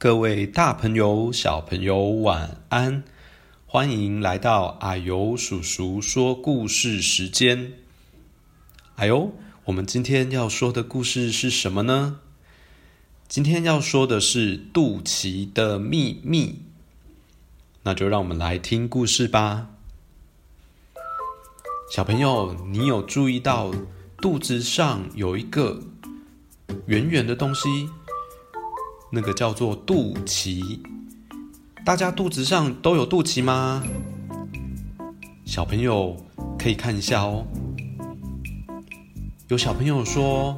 各位大朋友、小朋友，晚安！歡迎來到啊呦叔叔說故事時間。哎呦，我們今天要說的故事是什麼呢？今天要說的是肚臍的秘密。那就讓我們來聽故事吧。小朋友，你有注意到肚子上有一個圓圓的東西？那個叫做肚臍，大家肚子上都有肚臍嗎？小朋友可以看一下哦。有小朋友說：“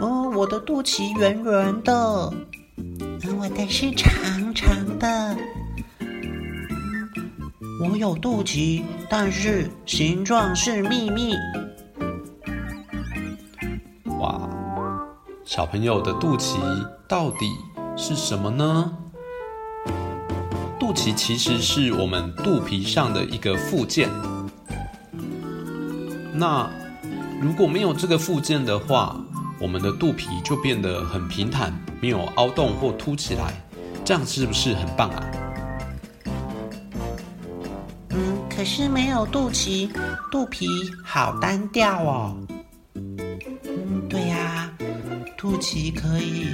哦，我的肚臍圓圓的，我的是長長的，我有肚臍，但是形狀是秘密。”小朋友的肚臍到底是什麼呢？肚臍其實是我們肚皮上的一個附件。那如果沒有這個附件的話，我們的肚皮就變得很平坦，沒有凹洞或凸起來，這樣是不是很棒啊？嗯，可是沒有肚臍，肚皮好單調哦。肚臍可以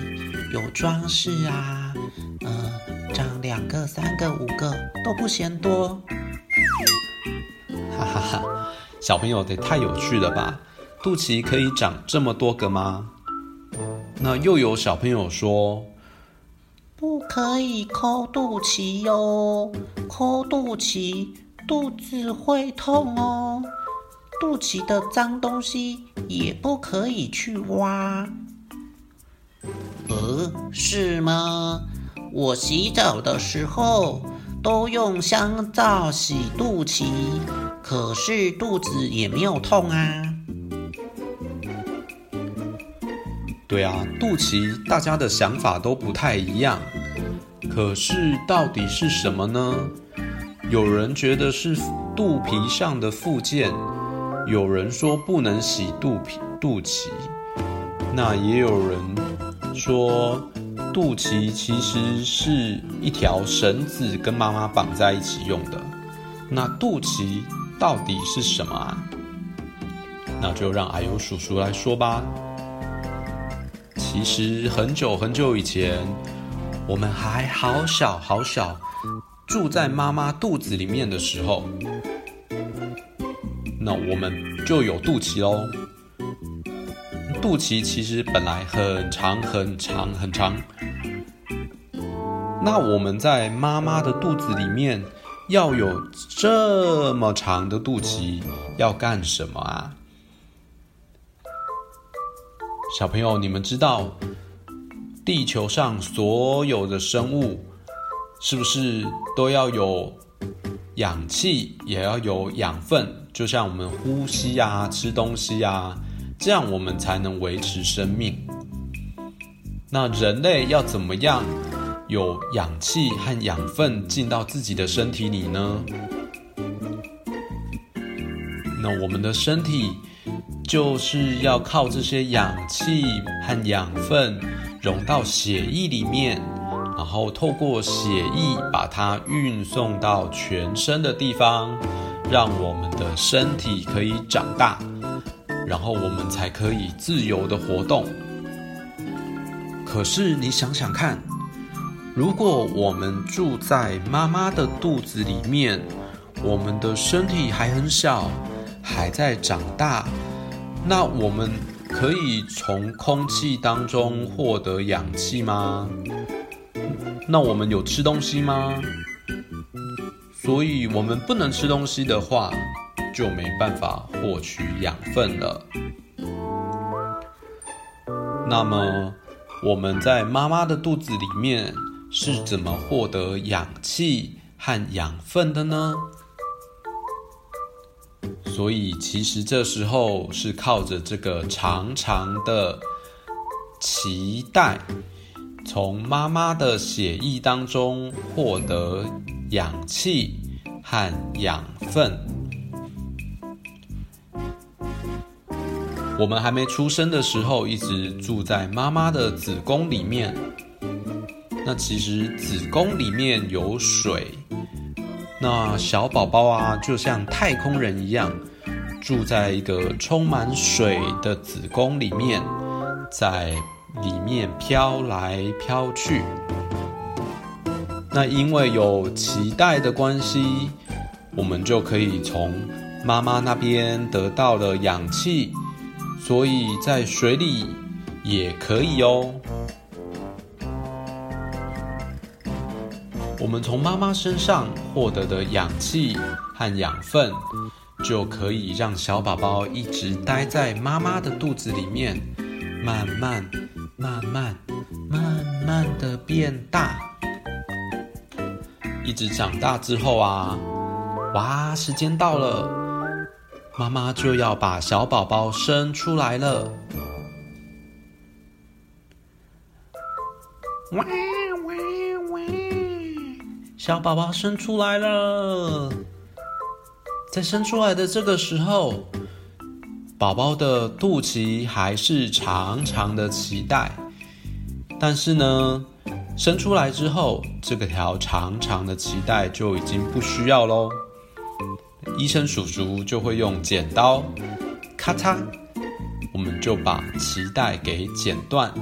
有裝飾啊，嗯、呃，長兩個、三個、五個都不嫌多。哈哈哈，小朋友也太有趣了吧！肚臍可以長這麼多個嗎？那又有小朋友說，不可以摳肚臍喲、哦，摳肚臍肚子會痛哦。肚臍的髒東西也不可以去挖。呃，是嗎？我洗澡的時候都用香皂洗肚臍，可是肚子也沒有痛啊。對啊，肚臍大家的想法都不太一樣。可是到底是什麼呢？有人覺得是肚皮上的附件，有人說不能洗肚皮，肚臍，那也有人。說，肚臍其實是一條繩子，跟媽媽綁在一起用的。那肚臍到底是什麼啊？那就讓啊呦叔叔來說吧。其實很久很久以前，我們還好小好小，住在媽媽肚子裡面的時候，那我們就有肚臍哦。肚臍其實本來很長很長很長，那我們在媽媽的肚子裡面要有這麼長的肚臍，要幹什麼啊？小朋友，你們知道地球上所有的生物是不是都要有氧氣，也要有養分？就像我們呼吸啊，吃東西啊。這樣我們才能維持生命。那人類要怎麼樣有氧氣和養分進到自己的身體裡呢？那我們的身體就是要靠這些氧氣和養分融到血液裡面，然後透過血液把它運送到全身的地方，讓我們的身體可以長大。然後我們才可以自由地活動。可是你想想看，如果我們住在媽媽的肚子裡面，我們的身體還很小，還在長大，那我們可以從空氣當中獲得氧氣嗎？那我們有吃東西嗎？所以我們不能吃東西的話。就沒辦法獲取養分了。那麼，我們在媽媽的肚子裡面是怎麼獲得氧氣和養分的呢？所以，其實這時候是靠着這個長長的臍帶，從媽媽的血液當中獲得氧氣和養分。我們還沒出生的時候，一直住在媽媽的子宮裡面。那其實子宮裡面有水，那小寶寶啊，就像太空人一樣，住在一個充滿水的子宮裡面，在裡面飄來飄去。那因為有臍帶的關係，我們就可以從媽媽那邊得到了氧氣。所以在水裡也可以哦。我們從媽媽身上獲得的氧氣和養分，就可以讓小寶寶一直待在媽媽的肚子裡面，慢慢、慢慢、慢慢的變大。一直長大之後啊，哇，時間到了。媽媽就要把小寶寶生出來了，哇哇哇！小寶寶生出來了，在生出來的這個時候，寶寶的肚臍還是長長的臍帶，但是呢，生出來之後，這個條長長的臍帶就已經不需要囉。醫生叔叔就會用剪刀，咔嚓，我們就把臍帶給剪斷。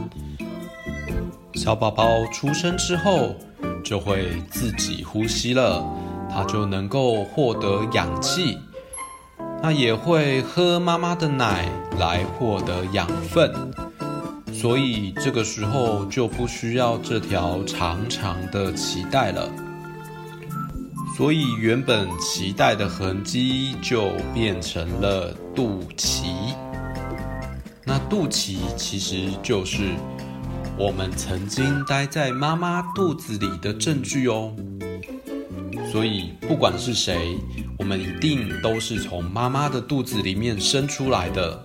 小寶寶出生之後就會自己呼吸了，他就能夠獲得氧氣，他也會喝媽媽的奶來獲得養分，所以這個時候就不需要這條長長的臍帶了。所以原本臍帶的痕跡就變成了肚臍。那肚臍其實就是我們曾經待在媽媽肚子裡的證據哦。所以不管是誰，我們一定都是從媽媽的肚子裡面生出來的。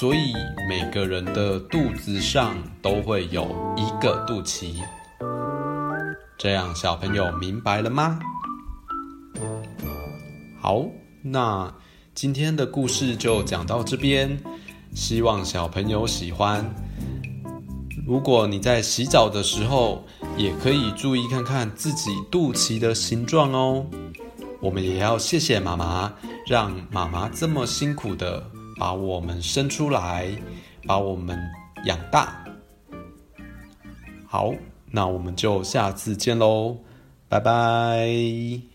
所以每個人的肚子上都會有一個肚臍。這樣小朋友明白了嗎？好，那今天的故事就講到這邊，希望小朋友喜歡。如果你在洗澡的時候，也可以注意看看自己肚臍的形狀哦。我們也要謝謝媽媽，讓媽媽這麼辛苦的把我們生出來，把我們養大。好，那我們就下次見嘍，拜拜。